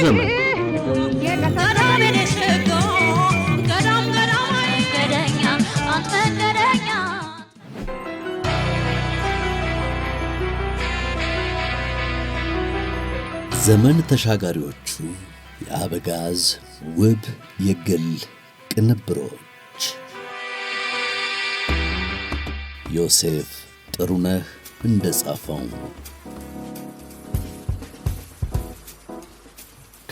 ዘመን ዘመን ተሻጋሪዎቹ የአበጋዝ ውብ የግል ቅንብሮች ዮሴፍ ጥሩነህ እንደጻፈው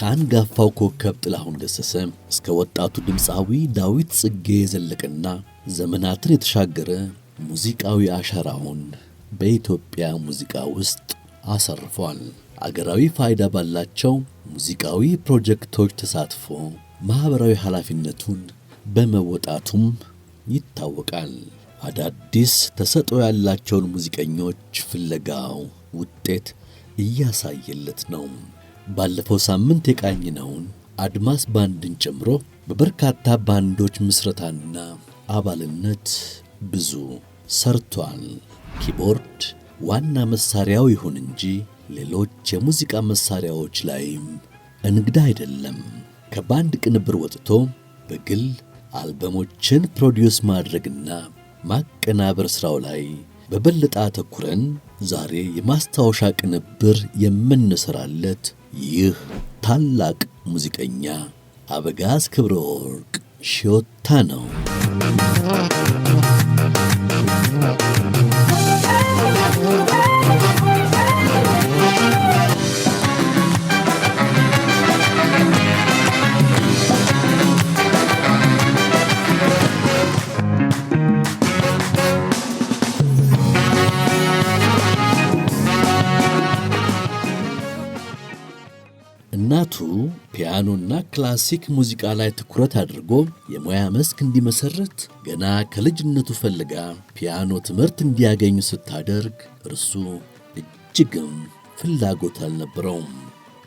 ከአንጋፋው ኮከብ ጥላሁን ገሰሰ እስከ ወጣቱ ድምፃዊ ዳዊት ጽጌ የዘለቀና ዘመናትን የተሻገረ ሙዚቃዊ አሻራውን በኢትዮጵያ ሙዚቃ ውስጥ አሳርፏል። አገራዊ ፋይዳ ባላቸው ሙዚቃዊ ፕሮጀክቶች ተሳትፎ ማኅበራዊ ኃላፊነቱን በመወጣቱም ይታወቃል። አዳዲስ ተሰጥኦ ያላቸውን ሙዚቀኞች ፍለጋው ውጤት እያሳየለት ነው። ባለፈው ሳምንት የቃኝነውን አድማስ ባንድን ጨምሮ በበርካታ ባንዶች ምስረታና አባልነት ብዙ ሰርቷል። ኪቦርድ ዋና መሳሪያው ይሁን እንጂ ሌሎች የሙዚቃ መሳሪያዎች ላይም እንግዳ አይደለም። ከባንድ ቅንብር ወጥቶ በግል አልበሞችን ፕሮዲውስ ማድረግና ማቀናበር ሥራው ላይ በበለጠ አተኩረን ዛሬ የማስታወሻ ቅንብር የምንሰራለት ይህ ታላቅ ሙዚቀኛ አበጋዝ ክብረ ወርቅ ሽዮታ ነው። ፒያኖና ክላሲክ ሙዚቃ ላይ ትኩረት አድርጎ የሙያ መስክ እንዲመሰርት ገና ከልጅነቱ ፈልጋ ፒያኖ ትምህርት እንዲያገኙ ስታደርግ እርሱ እጅግም ፍላጎት አልነበረውም።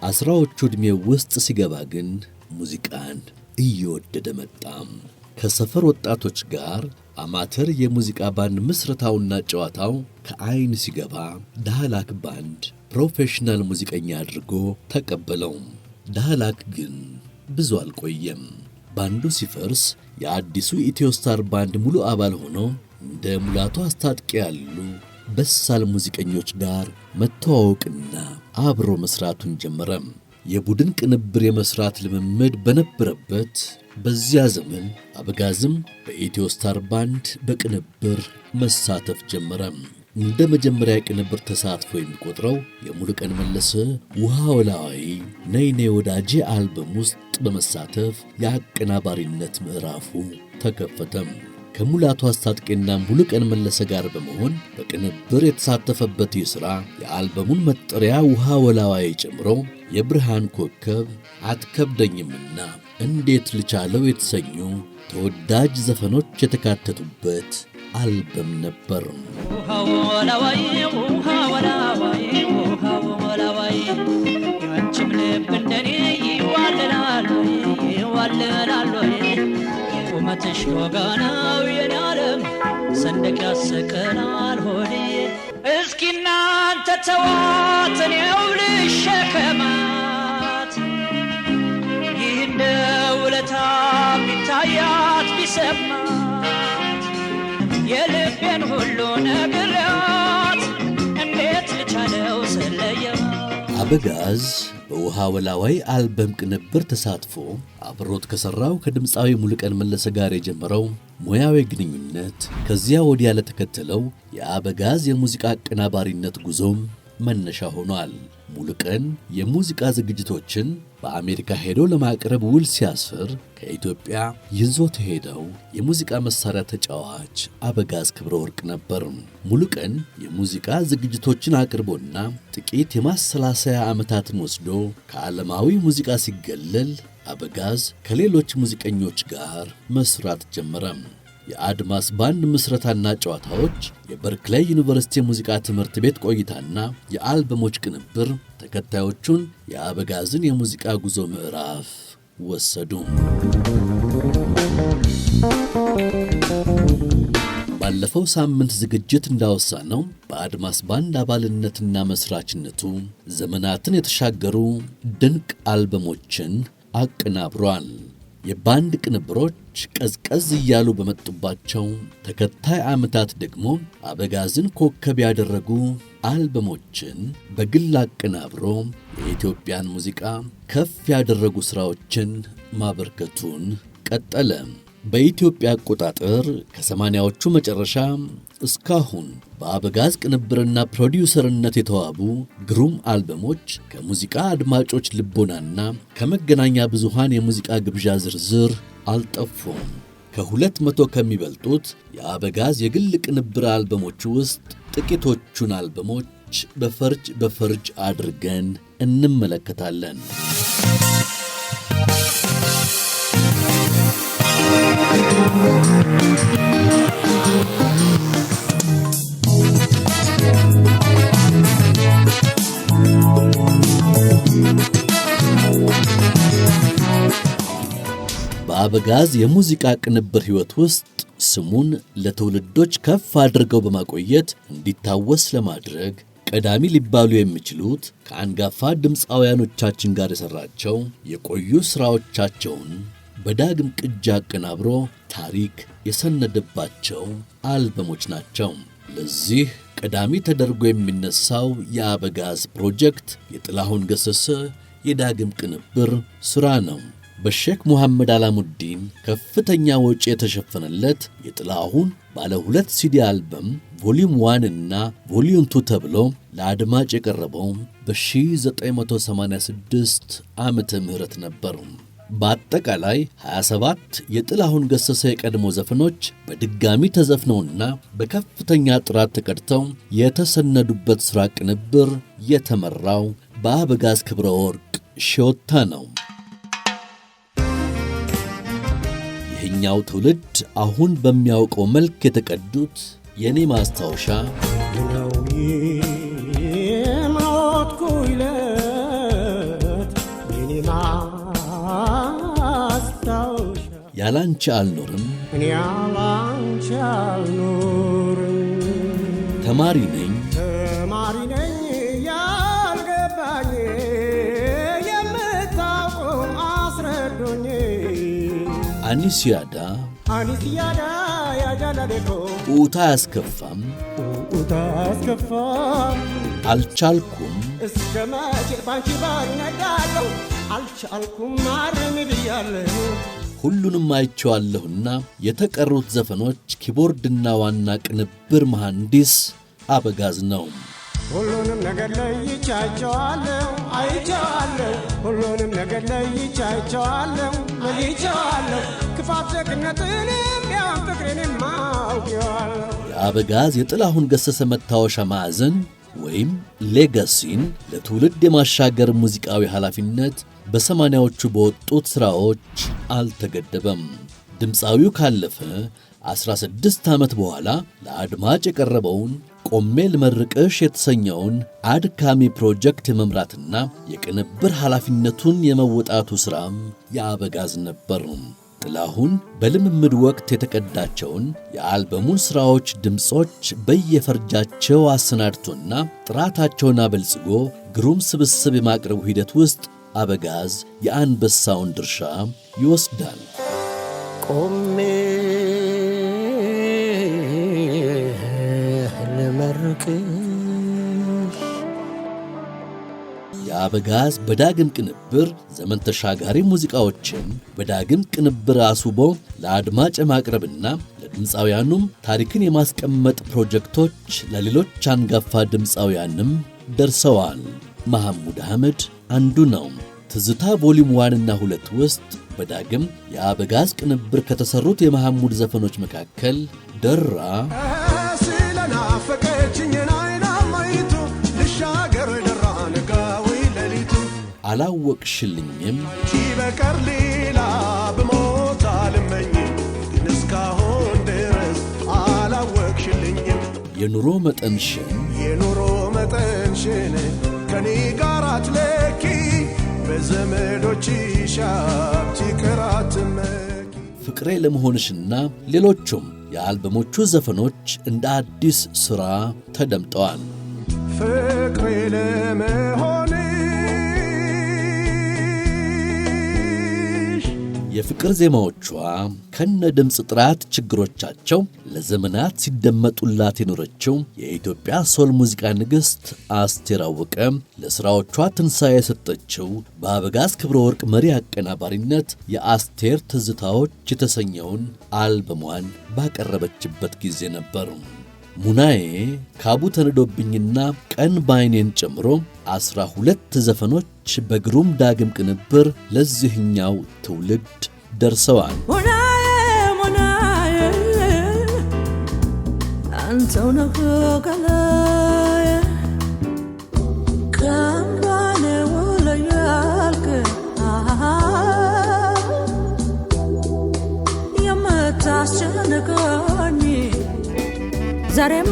አስራዎቹ ዕድሜው ውስጥ ሲገባ ግን ሙዚቃን እየወደደ መጣም። ከሰፈር ወጣቶች ጋር አማተር የሙዚቃ ባንድ ምስረታውና ጨዋታው ከአይን ሲገባ ዳህላክ ባንድ ፕሮፌሽናል ሙዚቀኛ አድርጎ ተቀበለውም። ዳህላክ ግን ብዙ አልቆየም። ባንዱ ሲፈርስ የአዲሱ ኢትዮስታር ባንድ ሙሉ አባል ሆኖ እንደ ሙላቱ አስታጥቄ ያሉ በሳል ሙዚቀኞች ጋር መተዋወቅና አብሮ መስራቱን ጀመረም። የቡድን ቅንብር የመስራት ልምምድ በነበረበት በዚያ ዘመን አበጋዝም በኢትዮስታር ባንድ በቅንብር መሳተፍ ጀመረም። እንደ መጀመሪያ ቅንብር ተሳትፎ የሚቆጥረው የሙሉቀን መለሰ ውሃ ወላዋይ ነይኔ ወዳጄ አልበም ውስጥ በመሳተፍ የአቀናባሪነት ምዕራፉ ተከፈተም። ከሙላቱ አስታጥቄና ሙሉቀን መለሰ ጋር በመሆን በቅንብር የተሳተፈበት ይህ ሥራ የአልበሙን መጠሪያ ውሃ ወላዋይ ጨምሮ የብርሃን ኮከብ፣ አትከብደኝምና፣ እንዴት ልቻለው የተሰኙ ተወዳጅ ዘፈኖች የተካተቱበት አልበም ነበር። ቁመትሽ ወጋናው የናለም ሰንደቅ ያሰቀናል ሆዴ እስኪ እናንተ ተዋት እኔው ልሸከማት ይህ እንደ ውለታ ቢታያት የልቤን ሁሉ ነግሬያት እንዴት ልቻለው ስለየው። አበጋዝ በውሃ ወላዋይ አልበም ቅንብር ተሳትፎ አብሮት ከሠራው ከድምፃዊ ሙሉቀን መለሰ ጋር የጀመረው ሙያዊ ግንኙነት ከዚያ ወዲያ ለተከተለው የአበጋዝ የሙዚቃ አቀናባሪነት ጉዞም መነሻ ሆኗል። ሙሉ ቀን የሙዚቃ ዝግጅቶችን በአሜሪካ ሄዶ ለማቅረብ ውል ሲያስር ከኢትዮጵያ ይዞት ሄደው የሙዚቃ መሳሪያ ተጫዋች አበጋዝ ክብረ ወርቅ ነበር። ሙሉ ቀን የሙዚቃ ዝግጅቶችን አቅርቦና ጥቂት የማሰላሰያ ዓመታትን ወስዶ ከዓለማዊ ሙዚቃ ሲገለል አበጋዝ ከሌሎች ሙዚቀኞች ጋር መስራት ጀመረም። የአድማስ ባንድ ምስረታና ጨዋታዎች፣ የበርክላይ ዩኒቨርሲቲ የሙዚቃ ትምህርት ቤት ቆይታና የአልበሞች ቅንብር ተከታዮቹን የአበጋዝን የሙዚቃ ጉዞ ምዕራፍ ወሰዱ። ባለፈው ሳምንት ዝግጅት እንዳወሳነው በአድማስ ባንድ አባልነትና መስራችነቱ ዘመናትን የተሻገሩ ድንቅ አልበሞችን አቀናብሯል። የባንድ ቅንብሮች ሰዎች ቀዝቀዝ እያሉ በመጡባቸው ተከታይ ዓመታት ደግሞ አበጋዝን ኮከብ ያደረጉ አልበሞችን በግል አቀናብሮ የኢትዮጵያን ሙዚቃ ከፍ ያደረጉ ሥራዎችን ማበርከቱን ቀጠለ። በኢትዮጵያ አቆጣጠር ከሰማንያዎቹ መጨረሻ እስካሁን በአበጋዝ ቅንብርና ፕሮዲውሰርነት የተዋቡ ግሩም አልበሞች ከሙዚቃ አድማጮች ልቦናና ከመገናኛ ብዙሃን የሙዚቃ ግብዣ ዝርዝር አልጠፉም። ከሁለት መቶ ከሚበልጡት የአበጋዝ የግል ቅንብር አልበሞች ውስጥ ጥቂቶቹን አልበሞች በፈርጅ በፈርጅ አድርገን እንመለከታለን። We'll be በአበጋዝ የሙዚቃ ቅንብር ሕይወት ውስጥ ስሙን ለትውልዶች ከፍ አድርገው በማቆየት እንዲታወስ ለማድረግ ቀዳሚ ሊባሉ የሚችሉት ከአንጋፋ ድምፃውያኖቻችን ጋር የሠራቸው የቆዩ ሥራዎቻቸውን በዳግም ቅጅ አቀናብሮ ታሪክ የሰነደባቸው አልበሞች ናቸው። ለዚህ ቀዳሚ ተደርጎ የሚነሳው የአበጋዝ ፕሮጀክት የጥላሁን ገሰሰ የዳግም ቅንብር ሥራ ነው። በሼክ ሙሐመድ አላሙዲን ከፍተኛ ወጪ የተሸፈነለት የጥላሁን ባለ ሁለት ሲዲ አልበም ቮሊዩም 1 እና ቮሊዩም 2 ተብሎ ለአድማጭ የቀረበው በ1986 ዓመተ ምህረት ነበር። በአጠቃላይ 27 የጥላሁን ገሰሰ የቀድሞ ዘፈኖች በድጋሚ ተዘፍነውና በከፍተኛ ጥራት ተቀድተው የተሰነዱበት ሥራ ቅንብር የተመራው በአበጋዝ ክብረ ወርቅ ሽወታ ነው። የዚህኛው ትውልድ አሁን በሚያውቀው መልክ የተቀዱት የእኔ ማስታወሻ ነው። ያላንቺ አልኖርም፣ ተማሪ ነኝ አንሲያዳ አንሲያዳ ያጃላለኮ ኡታ አያስከፋም ኡታ አያስከፋም አልቻልኩም እስከ መቼ ባንቺ አልቻልኩም ብያለሁ። ሁሉንም አይቼዋለሁና የተቀሩት ዘፈኖች ኪቦርድና ዋና ቅንብር መሐንዲስ አበጋዝ ነው። ሁሉንም ነገር ለይቻቸዋለሁ አይቸዋለሁ ሁሉንም ነገር ለይቻቸዋለሁ ለይቸዋለሁ ክፋት ዘግነትንም ቢያን ፍቅሬንም ማውቂዋለሁ የአበጋዝ የጥላሁን ገሰሰ መታወሻ ማዕዘን ወይም ሌጋሲን ለትውልድ የማሻገር ሙዚቃዊ ኃላፊነት በሰማንያዎቹ በወጡት ሥራዎች አልተገደበም። ድምፃዊው ካለፈ 16 ዓመት በኋላ ለአድማጭ የቀረበውን ቆሜ ልመርቅሽ የተሰኘውን አድካሚ ፕሮጀክት የመምራትና የቅንብር ኃላፊነቱን የመወጣቱ ሥራም የአበጋዝ ነበር። ጥላሁን በልምምድ ወቅት የተቀዳቸውን የአልበሙን ሥራዎች ድምፆች በየፈርጃቸው አሰናድቶና ጥራታቸውን አበልጽጎ ግሩም ስብስብ የማቅረቡ ሂደት ውስጥ አበጋዝ የአንበሳውን ድርሻ ይወስዳል። ቆሜ ልመርቅሽ የአበጋዝ በዳግም ቅንብር ዘመን ተሻጋሪ ሙዚቃዎችን በዳግም ቅንብር አስውቦ ለአድማጭ ማቅረብና ለድምፃውያኑም ታሪክን የማስቀመጥ ፕሮጀክቶች ለሌሎች አንጋፋ ድምፃውያንም ደርሰዋል። መሐሙድ አህመድ አንዱ ነው። ትዝታ ቮሊዩም ዋንና ሁለት ውስጥ በዳግም የአበጋዝ ቅንብር ከተሰሩት የመሐሙድ ዘፈኖች መካከል ደራ አላወቅሽልኝም በቀር ሌላ ብሞት አልመኝም ግን እስካሁን ድረስ አላወቅሽልኝም የኑሮ መጠንሽን የኑሮ መጠንሽን ከኔ ጋር አትለ ፍቅሬ ለመሆንሽና ሌሎቹም የአልበሞቹ ዘፈኖች እንደ አዲስ ሥራ ተደምጠዋል። ፍቅሬ ለመሆን የፍቅር ዜማዎቿ ከነ ድምፅ ጥራት ችግሮቻቸው ለዘመናት ሲደመጡላት የኖረችው የኢትዮጵያ ሶል ሙዚቃ ንግሥት አስቴር አወቀ ለሥራዎቿ ትንሣኤ የሰጠችው በአበጋዝ ክብረ ወርቅ መሪ አቀናባሪነት የአስቴር ትዝታዎች የተሰኘውን አልበሟን ባቀረበችበት ጊዜ ነበሩ። ሙናዬ ካቡ ተንዶብኝና ቀን ባይኔን ጨምሮ አስራ ሁለት ዘፈኖች በግሩም ዳግም ቅንብር ለዚህኛው ትውልድ ደርሰዋል። ሙናዬ ሙናዬ አንተው ነህ ዛሬም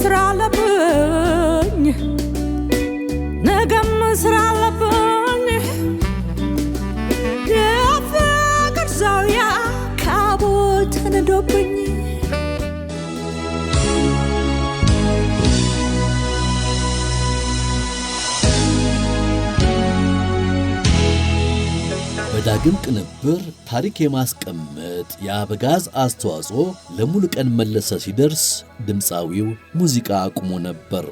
ስራ አለብኝ ነገም ስራ ዳግም ቅንብር ታሪክ የማስቀመጥ የአበጋዝ አስተዋጽኦ ለሙሉቀን መለሰ ሲደርስ ድምፃዊው ሙዚቃ አቁሞ ነበር።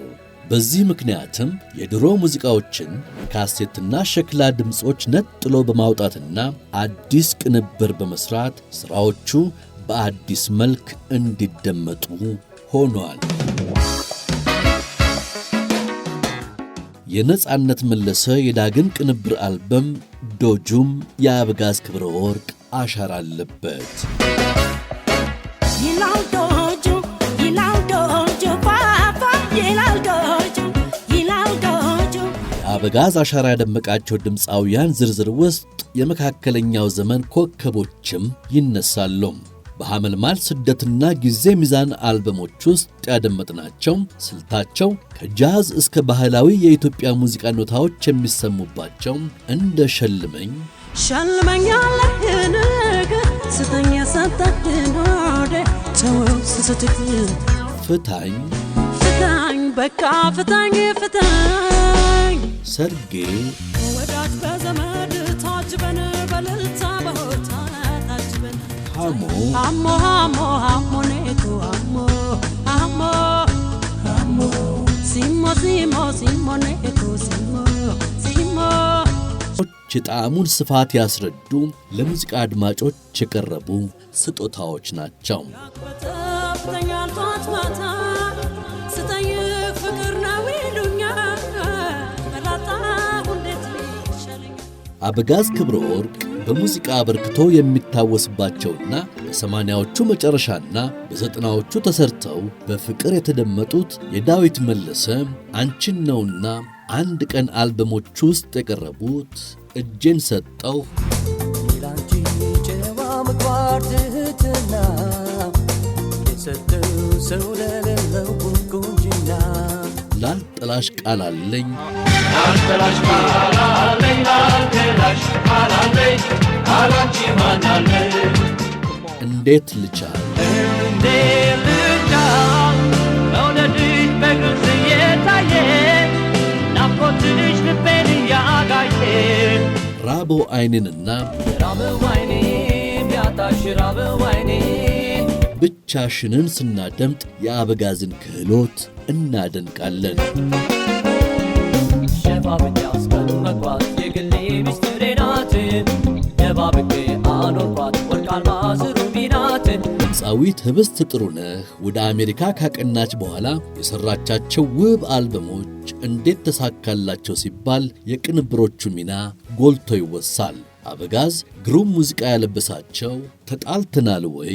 በዚህ ምክንያትም የድሮ ሙዚቃዎችን ካሴትና ሸክላ ድምፆች ነጥሎ በማውጣትና አዲስ ቅንብር በመስራት ሥራዎቹ በአዲስ መልክ እንዲደመጡ ሆኗል። የነፃነት መለሰ የዳግም ቅንብር አልበም ዶጁም የአበጋዝ ክብረ ወርቅ አሻራ አለበት። የአበጋዝ አሻራ ያደመቃቸው ድምፃውያን ዝርዝር ውስጥ የመካከለኛው ዘመን ኮከቦችም ይነሳሉ። በሐመልማል ስደትና ጊዜ ሚዛን አልበሞች ውስጥ ያደመጥናቸው ስልታቸው ከጃዝ እስከ ባህላዊ የኢትዮጵያ ሙዚቃ ኖታዎች የሚሰሙባቸው እንደ ሸልመኝ ሸልመኝ ያለህን ሰጠህን ወደ ተወው ፍታኝ ፍታኝ በቃ ፍታኝ ፍታኝ ሰርጌ ወዳጅ በዘመድ ታጅበን በልልታ amo. Amo, amo, amo, neko, amo, amo, amo. simo simo simo neko, simo simo የጣዕሙን ስፋት ያስረዱ ለሙዚቃ አድማጮች የቀረቡ ስጦታዎች ናቸው። አበጋዝ ክብረ ወርቅ በሙዚቃ አበርክቶ የሚታወስባቸውና በሰማንያዎቹ መጨረሻና በዘጠናዎቹ ተሰርተው በፍቅር የተደመጡት የዳዊት መለሰ አንቺን ነውና አንድ ቀን አልበሞች ውስጥ የቀረቡት እጄን ሰጠው ላንቺ ጨዋ ምግባር ትህትና የሰጠው ሰው ለሌለው ላልጥላሽ ቃል አለኝ እንዴት ልቻል ራቦ አይኔንና ራበው አይኔ ቢያታሽ ራበው አይኔ ብቻሽንን ስናደምጥ የአበጋዝን ክህሎት እናደንቃለን። ድምፃዊት ህብስት ጥሩነህ ወደ አሜሪካ ካቀናች በኋላ የሠራቻቸው ውብ አልበሞች እንዴት ተሳካላቸው ሲባል የቅንብሮቹ ሚና ጎልቶ ይወሳል። አበጋዝ ግሩም ሙዚቃ ያለበሳቸው ተጣልተናል ወይ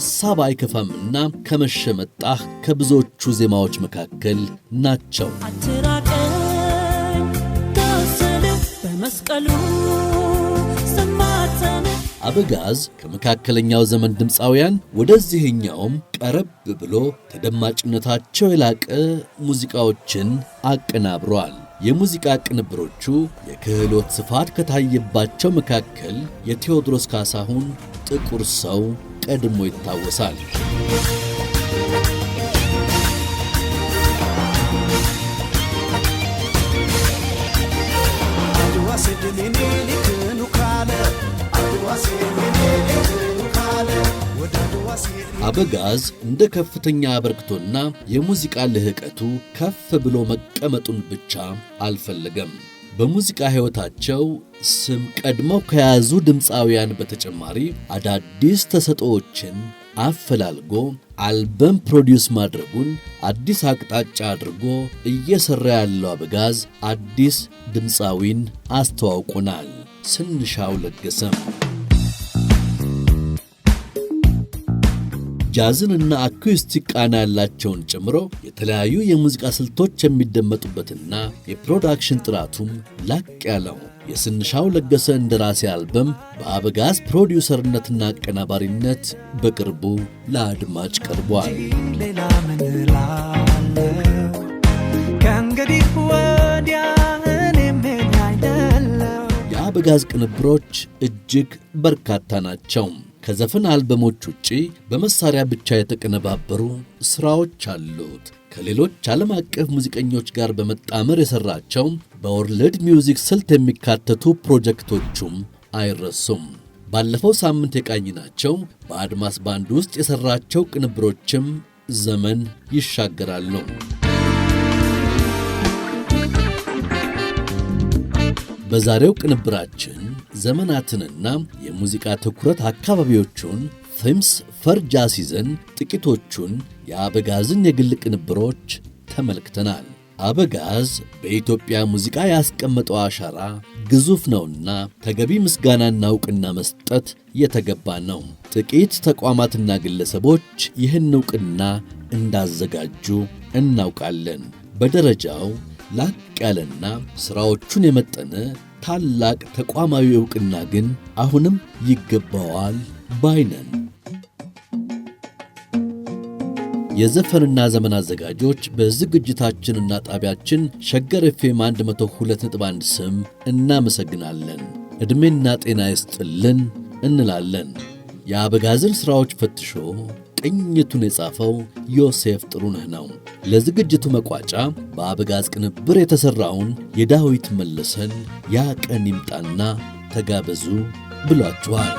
ሐሳብ አይከፋምና ከመሸ መጣህ ከብዙዎቹ ዜማዎች መካከል ናቸው። አበጋዝ ከመካከለኛው ዘመን ድምፃውያን ወደዚህኛውም ቀረብ ብሎ ተደማጭነታቸው የላቀ ሙዚቃዎችን አቀናብሯል። የሙዚቃ ቅንብሮቹ የክህሎት ስፋት ከታየባቸው መካከል የቴዎድሮስ ካሳሁን ጥቁር ሰው ቀድሞ ይታወሳል። አበጋዝ እንደ ከፍተኛ አበርክቶና የሙዚቃ ልህቀቱ ከፍ ብሎ መቀመጡን ብቻ አልፈለገም። በሙዚቃ ሕይወታቸው ስም ቀድመው ከያዙ ድምፃውያን በተጨማሪ አዳዲስ ተሰጥኦዎችን አፈላልጎ አልበም ፕሮዲውስ ማድረጉን አዲስ አቅጣጫ አድርጎ እየሠራ ያለው አበጋዝ አዲስ ድምፃዊን አስተዋውቁናል። ስንሻው ለገሰም ጃዝን እና አኩስቲክ ቃና ያላቸውን ጨምሮ የተለያዩ የሙዚቃ ስልቶች የሚደመጡበትና የፕሮዳክሽን ጥራቱም ላቅ ያለው የስንሻው ለገሰ እንደራሴ አልበም በአበጋዝ ፕሮዲውሰርነትና አቀናባሪነት በቅርቡ ለአድማጭ ቀርቧል። የአበጋዝ ቅንብሮች እጅግ በርካታ ናቸው። ከዘፈን አልበሞች ውጪ በመሳሪያ ብቻ የተቀነባበሩ ሥራዎች አሉት። ከሌሎች ዓለም አቀፍ ሙዚቀኞች ጋር በመጣመር የሠራቸው በወርልድ ሚውዚክ ስልት የሚካተቱ ፕሮጀክቶቹም አይረሱም። ባለፈው ሳምንት የቃኝናቸው በአድማስ ባንድ ውስጥ የሠራቸው ቅንብሮችም ዘመን ይሻገራሉ። በዛሬው ቅንብራችን ዘመናትንና የሙዚቃ ትኩረት አካባቢዎቹን ፊምስ ፈርጃ ሲዘን ጥቂቶቹን የአበጋዝን የግል ቅንብሮች ተመልክተናል። አበጋዝ በኢትዮጵያ ሙዚቃ ያስቀመጠው አሻራ ግዙፍ ነውና ተገቢ ምስጋናና እውቅና መስጠት የተገባ ነው። ጥቂት ተቋማትና ግለሰቦች ይህን እውቅና እንዳዘጋጁ እናውቃለን። በደረጃው ላቅ ያለና ሥራዎቹን የመጠነ ታላቅ ተቋማዊ ዕውቅና ግን አሁንም ይገባዋል ባይነን። የዘፈንና ዘመን አዘጋጆች በዝግጅታችንና ጣቢያችን ሸገር ኤፍኤም 102.1 ስም እናመሰግናለን። ዕድሜና ጤና ይስጥልን እንላለን። የአበጋዝን ሥራዎች ፈትሾ ቅኝቱን የጻፈው ዮሴፍ ጥሩነህ ነው። ለዝግጅቱ መቋጫ በአበጋዝ ቅንብር የተሠራውን የዳዊት መለሰን ያ ቀን ይምጣና ተጋበዙ ብሏችኋል።